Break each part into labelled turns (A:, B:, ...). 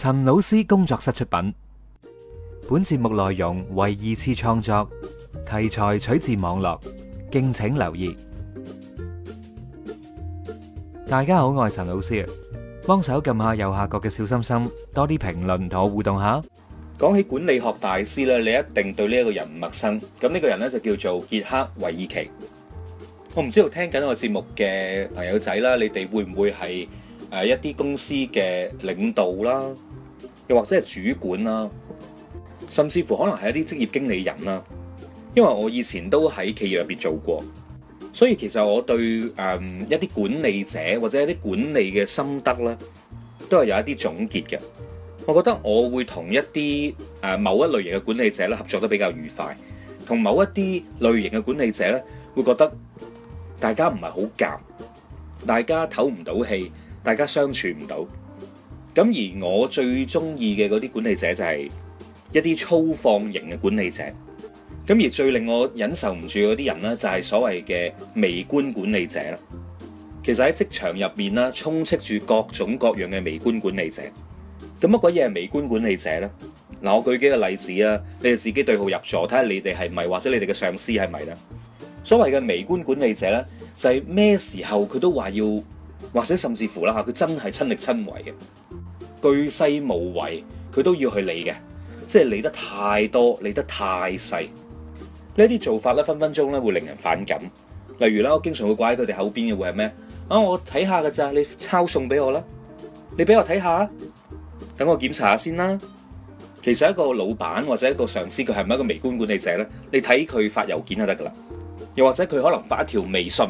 A: 陳老師工作室出品，本節目內容為二次創作題材取自網絡，敬請留意。大家好，我係陳老師，幫手撳下右下角的小心心，多啲評論同我互動下。講起管理學大師咧，你一定對呢一個人唔陌生，咁呢個人咧就叫做傑克韋爾奇。我唔知道聽緊我節目嘅朋友仔啦，你哋會唔會係誒一啲公司嘅領導啦又或者係主管啦，甚至乎可能係一啲職業經理人啦，因為我以前都喺企業入邊做過，所以其實我對誒一啲管理者或者一啲管理嘅心得咧，都係有一啲總結嘅。我覺得我會同一啲誒某一類型嘅管理者咧合作得比較愉快，同某一啲類型嘅管理者咧會覺得大家唔係好夾，大家透唔到氣，大家相處唔到。咁而我最中意嘅嗰啲管理者，就係一啲粗放型嘅管理者，咁而最令我忍受唔住嗰啲人呢，就係所謂嘅微觀管理者啦。其實喺職場入面呢，充斥住各種各樣嘅微觀管理者。咁乜鬼嘢係微觀管理者呢？嗱，我舉幾個例子啊，你哋自己對號入座，睇下你哋係咪，或者你哋嘅上司係咪啦。所謂嘅微觀管理者呢，就係咩時候佢都話要，或者甚至乎啦吓，佢真係親力親為嘅。巨細無遺，佢都要去理嘅，即係理得太多，理得太細呢啲做法咧，分分鐘咧會令人反感。例如啦，我經常會掛喺佢哋口邊嘅會係咩啊？我睇下噶咋，你抄送俾我啦，你俾我睇下，等我檢查下先啦。其實一個老闆或者一個上司，佢係唔係一個微觀管理者咧？你睇佢發郵件就得噶啦，又或者佢可能發一條微信，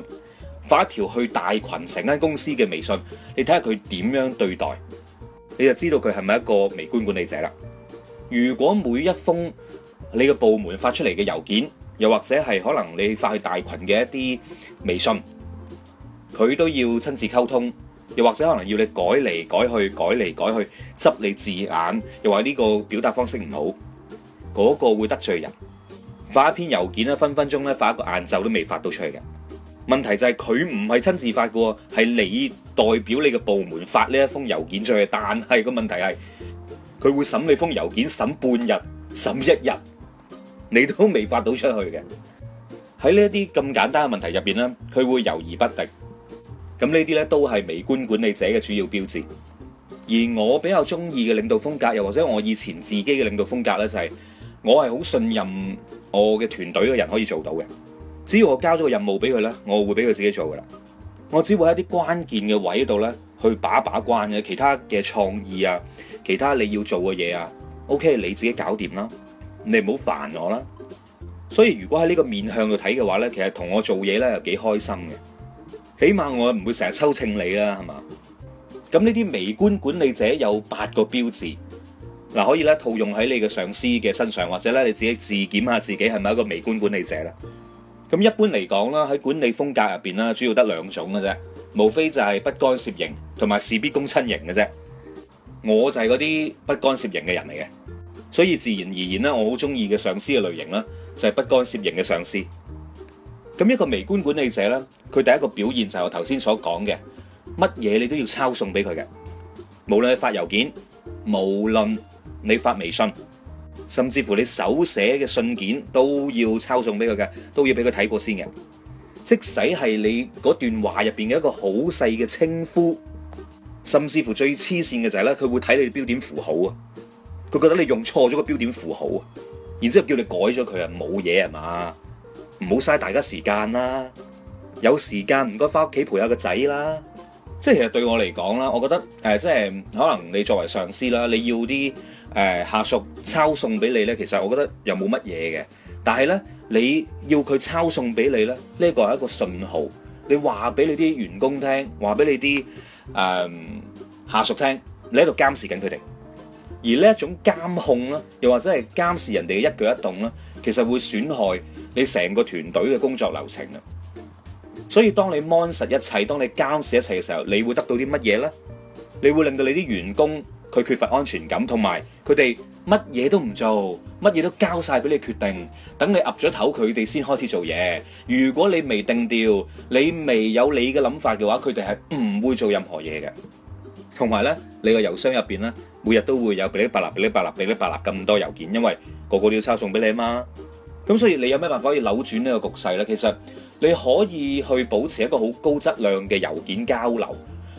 A: 發一條去大群成間公司嘅微信，你睇下佢點樣對待。你就知道佢係咪一個微觀管理者啦。如果每一封你嘅部門發出嚟嘅郵件，又或者係可能你發去大群嘅一啲微信，佢都要親自溝通，又或者可能要你改嚟改去，改嚟改去，執你字眼，又話呢個表達方式唔好，嗰個會得罪人。發一篇郵件咧，分分鐘咧發一個晏晝都未發到出去嘅。問題就係佢唔係親自發過，係你。代表你嘅部門發呢一封郵件出去，但係個問題係佢會審你封郵件審半日，審一日，你都未發到出去嘅。喺呢一啲咁簡單嘅問題入邊咧，佢會猶豫不定。咁呢啲咧都係微觀管理者嘅主要標誌。而我比較中意嘅領導風格，又或者我以前自己嘅領導風格咧，就係我係好信任我嘅團隊嘅人可以做到嘅。只要我交咗個任務俾佢咧，我會俾佢自己做嘅啦。我只會喺啲關鍵嘅位度咧，去把把關嘅，其他嘅創意啊，其他你要做嘅嘢啊，OK，你自己搞掂啦，你唔好煩我啦。所以如果喺呢個面向度睇嘅話咧，其實同我做嘢咧又幾開心嘅，起碼我唔會成日抽清你啦，係嘛。咁呢啲微觀管理者有八個標誌，嗱可以咧套用喺你嘅上司嘅身上，或者咧你自己自檢下自己係咪一個微觀管理者啦。咁一般嚟講啦，喺管理風格入邊啦，主要得兩種嘅啫，無非就係不干涉型同埋事必躬親型嘅啫。我就係嗰啲不干涉型嘅人嚟嘅，所以自然而然啦，我好中意嘅上司嘅類型啦，就係不干涉型嘅上司。咁一個微觀管理者咧，佢第一個表現就係我頭先所講嘅，乜嘢你都要抄送俾佢嘅，無論你發郵件，無論你發微信。甚至乎你手寫嘅信件都要抄送俾佢嘅，都要俾佢睇過先嘅。即使係你嗰段話入邊嘅一個好細嘅稱呼，甚至乎最黐線嘅就係咧，佢會睇你的標點符號啊，佢覺得你用錯咗個標點符號啊，然之後叫你改咗佢啊，冇嘢啊嘛，唔好嘥大家時間啦，有時間唔該翻屋企陪下個仔啦。即係其實對我嚟講啦，我覺得誒，即係可能你作為上司啦，你要啲誒下屬抄送俾你咧，其實我覺得又冇乜嘢嘅。但係咧，你要佢抄送俾你咧，呢個係一個信號，你話俾你啲員工聽，話俾你啲誒下屬聽，你喺度監視緊佢哋。而呢一種監控啦，又或者係監視人哋嘅一舉一動啦，其實會損害你成個團隊嘅工作流程啊。所以當你 mon 實一切，當你監視一切嘅時候，你會得到啲乜嘢呢？你會令到你啲員工佢缺乏安全感，同埋佢哋乜嘢都唔做，乜嘢都交晒俾你決定，等你岌咗頭，佢哋先開始做嘢。如果你未定調，你未有你嘅諗法嘅話，佢哋係唔會做任何嘢嘅。同埋呢，你個郵箱入邊呢，每日都會有噼里啪啦，噼里啪啦，噼里啪啦咁多郵件，因為個個都要抄送俾你啊嘛。咁所以你有咩辦法可以扭轉呢個局勢呢？其實你可以去保持一個好高質量嘅郵件交流。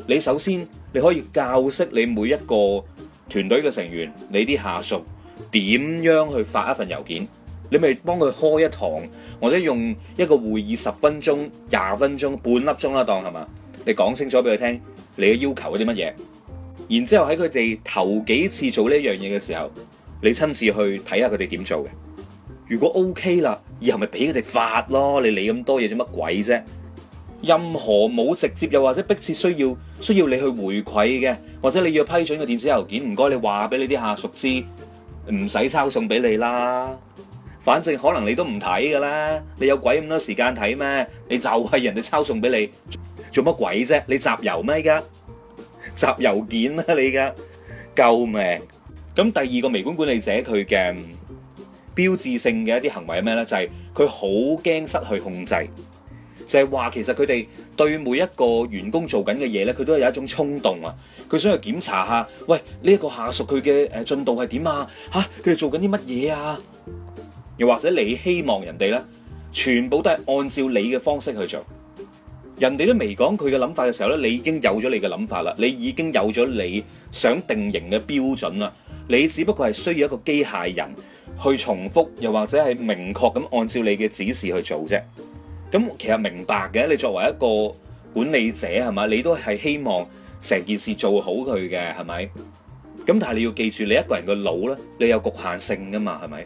A: 你首先你可以教識你每一個團隊嘅成員，你啲下屬點樣去發一份郵件。你咪幫佢開一堂，或者用一個會議十分鐘、廿分鐘、半粒鐘啦，當係嘛？你講清楚俾佢聽，你嘅要求係啲乜嘢。然之後喺佢哋頭幾次做呢樣嘢嘅時候，你親自去睇下佢哋點做嘅。如果 OK 啦，以後咪俾佢哋發咯，你理咁多嘢做乜鬼啫？任何冇直接又或者迫切需要需要你去回饋嘅，或者你要批准個電子郵件，唔該你話俾你啲下屬知，唔使抄送俾你啦。反正可能你都唔睇噶啦，你有鬼咁多時間睇咩？你就係人哋抄送俾你，做乜鬼啫？你集郵咩依家？集郵件啊你依家，救命！咁第二個微觀管理者佢嘅標誌性嘅一啲行為係咩呢？就係佢好驚失去控制，就係話其實佢哋對每一個員工做緊嘅嘢呢，佢都係有一種衝動啊！佢想去檢查下，喂，呢一個下屬佢嘅誒進度係點啊？吓，佢哋做緊啲乜嘢啊？又或者你希望人哋呢，全部都係按照你嘅方式去做，人哋都未講佢嘅諗法嘅時候呢，你已經有咗你嘅諗法啦，你已經有咗你想定型嘅標準啦，你只不過係需要一個機械人。去重複，又或者係明確咁按照你嘅指示去做啫。咁其實明白嘅，你作為一個管理者係咪？你都係希望成件事做好佢嘅，係咪？咁但係你要記住，你一個人嘅腦呢，你有局限性噶嘛，係咪？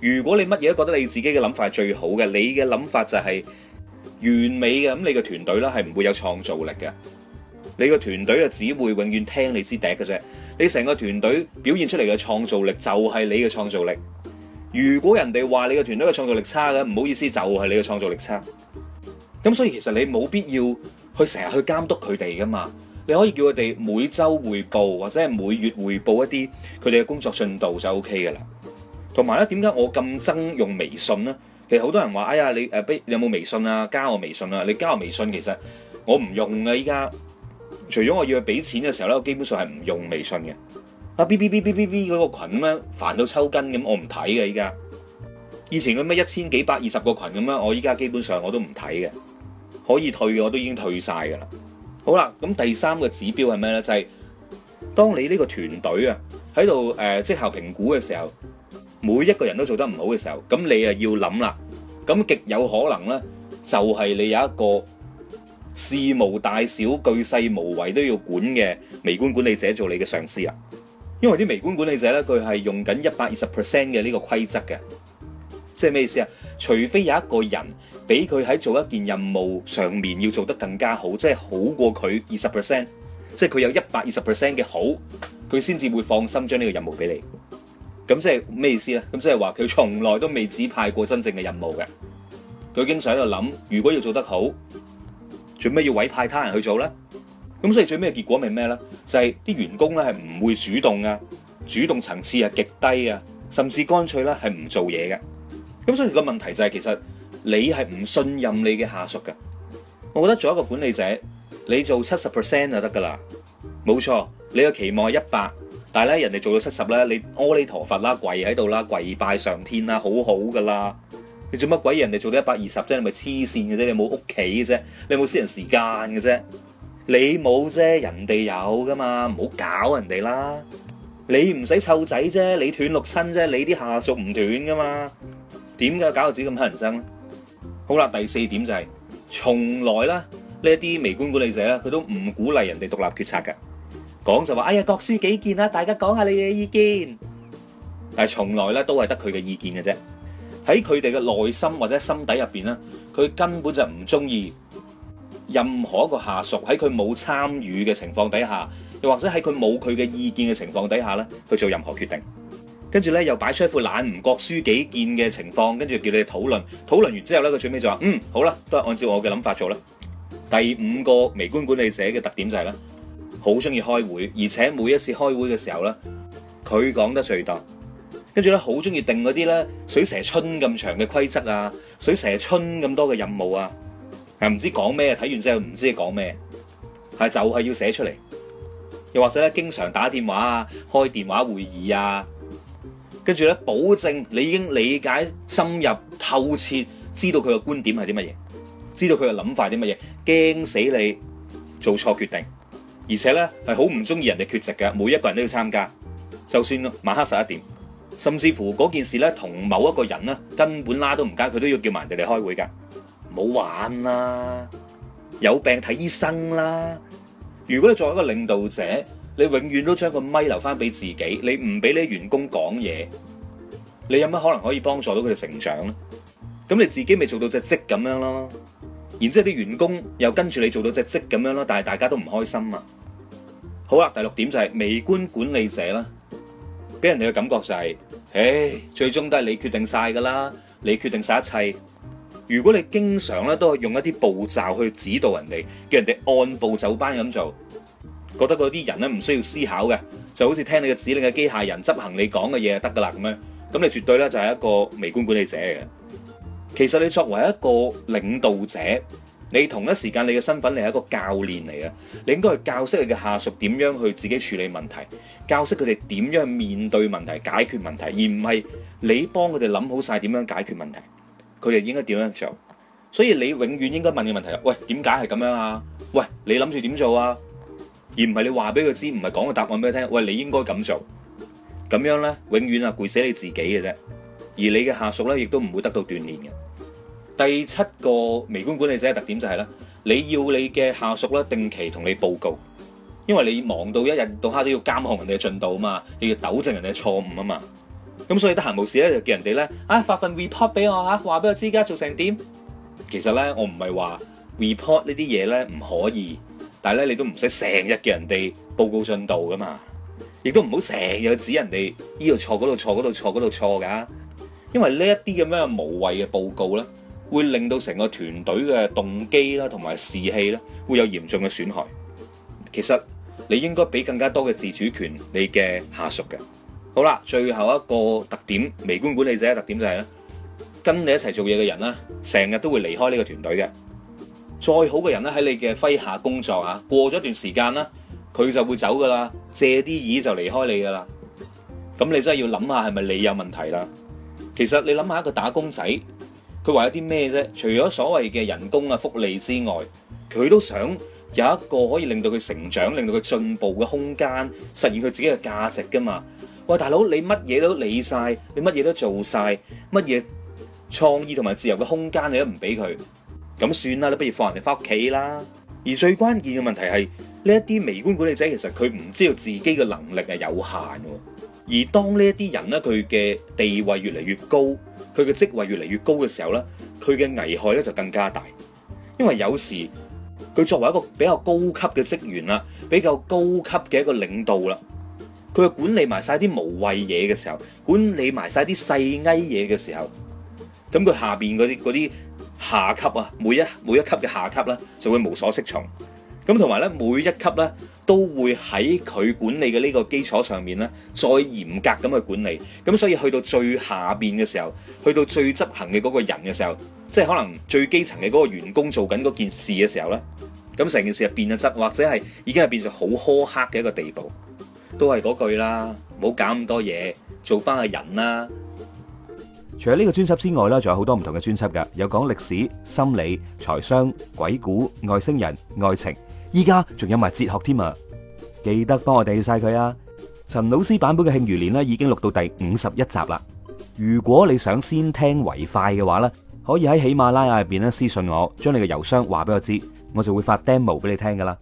A: 如果你乜嘢都覺得你自己嘅諗法係最好嘅，你嘅諗法就係完美嘅，咁你嘅團隊呢，係唔會有創造力嘅，你嘅團隊就只會永遠聽你支笛嘅啫。你成個團隊表現出嚟嘅創造力就係你嘅創造力。如果人哋話你嘅團隊嘅創造力差嘅，唔好意思，就係你嘅創造力差。咁所以其實你冇必要去成日去監督佢哋噶嘛。你可以叫佢哋每週匯報或者係每月匯報一啲佢哋嘅工作進度就 O K 噶啦。同埋咧，點解我咁憎用微信呢？其實好多人話：哎呀，你誒俾有冇微信啊？加我微信啊！你加我微信，其實我唔用啊依家。除咗我要俾錢嘅時候咧，我基本上係唔用微信嘅。啊，B B B B B B 嗰個羣咁樣煩到抽筋咁，我唔睇嘅依家。以前嗰咩一千幾百二十個群咁樣，我依家基本上我都唔睇嘅。可以退嘅我都已經退晒㗎啦。好啦，咁第三個指標係咩咧？就係當你呢個團隊啊喺度誒績效評估嘅時候，每一個人都做得唔好嘅時候，咁你啊要諗啦。咁極有可能咧，就係你有一個事無大小，巨細無遺都要管嘅微觀管理者做你嘅上司啊！因為啲微觀管理者咧，佢係用緊一百二十 percent 嘅呢個規則嘅，即係咩意思啊？除非有一個人俾佢喺做一件任務上面要做得更加好，即係好過佢二十 percent，即係佢有一百二十 percent 嘅好，佢先至會放心將呢個任務俾你。咁即係咩意思咧？咁即係話佢從來都未指派過真正嘅任務嘅，佢經常喺度諗，如果要做得好。做咩要委派他人去做咧？咁所以最尾嘅結果咪咩咧？就係啲員工咧，係唔會主動噶主動層次係極低啊，甚至乾脆咧，係唔做嘢嘅。咁所以個問題就係其實你係唔信任你嘅下屬噶我覺得做一個管理者，你做七十 percent 就得噶啦，冇錯。你嘅期望係一百，但係咧，人哋做咗七十咧，你阿彌陀佛啦，跪喺度啦，跪拜上天啦，好好噶啦你做乜鬼？人哋做到一百二十啫，你咪黐線嘅啫！你冇屋企嘅啫，你冇私人時間嘅啫，你冇啫，人哋有噶嘛？唔好搞人哋啦！你唔使湊仔啫，你斷六親啫，你啲下屬唔斷噶嘛？點解搞到自己咁黑人憎咧？好啦，第四點就係從來咧呢一啲微觀管理者咧，佢都唔鼓勵人哋獨立決策嘅，講就話哎呀各抒己見啦，大家講下你嘅意見，但係從來咧都係得佢嘅意見嘅啫。喺佢哋嘅內心或者心底入邊咧，佢根本就唔中意任何一個下屬喺佢冇參與嘅情況底下，又或者喺佢冇佢嘅意見嘅情況底下咧，去做任何決定。跟住咧又擺出一副懶唔覺輸己見嘅情況，跟住叫你哋討論，討論完之後咧，佢最尾就話：嗯，好啦，都係按照我嘅諗法做啦。第五個微觀管理者嘅特點就係咧，好中意開會，而且每一次開會嘅時候咧，佢講得最多。跟住咧，好中意定嗰啲咧水蛇春咁長嘅規則啊，水蛇春咁多嘅任務啊，係唔知講咩，睇完之後唔知講咩，係就係要寫出嚟。又或者咧，經常打電話啊，開電話會議啊，跟住咧，保證你已經理解深入透徹，知道佢嘅觀點係啲乜嘢，知道佢嘅諗法啲乜嘢，驚死你做錯決定，而且咧係好唔中意人哋缺席嘅，每一個人都要參加，就算咯，晚黑十一點。甚至乎嗰件事咧，同某一個人咧、啊、根本拉都唔加，佢都要叫埋人哋嚟開會噶。冇玩啦，有病睇醫生啦。如果你作為一個領導者，你永遠都將個咪留翻俾自己，你唔俾你啲員工講嘢，你有乜可能可以幫助到佢哋成長咧？咁你自己咪做到隻積咁樣咯，然之後啲員工又跟住你做到隻積咁樣咯，但係大家都唔開心啊。好啦，第六點就係微觀管理者啦。俾人哋嘅感覺就係、是，唉、哎，最終都係你決定晒噶啦，你決定晒一切。如果你經常咧都係用一啲步驟去指導人哋，叫人哋按部就班咁做，覺得嗰啲人咧唔需要思考嘅，就好似聽你嘅指令嘅機械人執行你講嘅嘢就得噶啦咁樣，咁你絕對咧就係一個微觀管理者嘅。其實你作為一個領導者，你同一時間，你嘅身份你係一個教練嚟嘅，你應該去教識你嘅下屬點樣去自己處理問題，教識佢哋點樣面對問題、解決問題，而唔係你幫佢哋諗好晒點樣解決問題，佢哋應該點樣做。所以你永遠應該問嘅問題係：喂，點解係咁樣啊？喂，你諗住點做啊？而唔係你話俾佢知，唔係講個答案俾佢聽。喂，你應該咁做，咁樣呢，永遠啊攰死你自己嘅啫，而你嘅下屬呢，亦都唔會得到鍛鍊嘅。第七個微觀管理者嘅特點就係咧，你要你嘅下屬咧定期同你報告，因為你忙到一日到黑都要監控人哋嘅進度啊嘛，你要糾正人哋嘅錯誤啊嘛，咁所以得閒無事咧就叫人哋咧啊發份 report 俾我嚇、啊，話俾我知而家做成點。其實咧我唔係話 report 呢啲嘢咧唔可以，但係咧你都唔使成日叫人哋報告進度噶嘛，亦都唔好成日指人哋呢度錯，嗰度錯，嗰度錯，嗰度錯噶，因為呢一啲咁樣的無謂嘅報告咧。會令到成個團隊嘅動機啦，同埋士氣咧，會有嚴重嘅損害。其實你應該俾更加多嘅自主權你嘅下屬嘅。好啦，最後一個特點，微觀管理者嘅特點就係咧，跟你一齊做嘢嘅人咧，成日都會離開呢個團隊嘅。再好嘅人咧，喺你嘅麾下工作啊，過咗段時間啦，佢就會走噶啦，借啲意就離開你噶啦。咁你真係要諗下係咪你有問題啦？其實你諗下一個打工仔。佢話有啲咩啫？除咗所謂嘅人工啊、福利之外，佢都想有一個可以令到佢成長、令到佢進步嘅空間，實現佢自己嘅價值㗎嘛？喂，大佬，你乜嘢都理晒，你乜嘢都做晒，乜嘢創意同埋自由嘅空間你都唔俾佢，咁算啦，你不如放人哋返屋企啦。而最關鍵嘅問題係呢一啲微觀管理者其實佢唔知道自己嘅能力係有限喎。而當呢一啲人咧，佢嘅地位越嚟越高。佢嘅職位越嚟越高嘅時候咧，佢嘅危害咧就更加大，因為有時佢作為一個比較高級嘅職員啦，比較高級嘅一個領導啦，佢去管理埋晒啲無謂嘢嘅時候，管理埋晒啲細蟻嘢嘅時候，咁佢下邊嗰啲啲下級啊，每一每一級嘅下級咧就會無所適從，咁同埋咧每一級咧。都會喺佢管理嘅呢個基礎上面呢，再嚴格咁去管理，咁所以去到最下面嘅時候，去到最執行嘅嗰個人嘅時候，即係可能最基層嘅嗰個員工做緊嗰件事嘅時候呢，咁成件事就變咗質，或者係已經係變咗好苛刻嘅一個地步。都係嗰句啦，唔好搞咁多嘢，做翻個人啦。除咗呢個專輯之外咧，仲有好多唔同嘅專輯噶，有講歷史、心理、財商、鬼故、外星人、愛情。依家仲有埋哲學添啊！記得幫我訂晒佢啊！陳老師版本嘅《慶餘年》已經錄到第五十一集啦。如果你想先聽為快嘅話咧，可以喺喜馬拉雅入邊咧私信我，將你嘅郵箱話俾我知，我就會發 demo 俾你聽噶啦。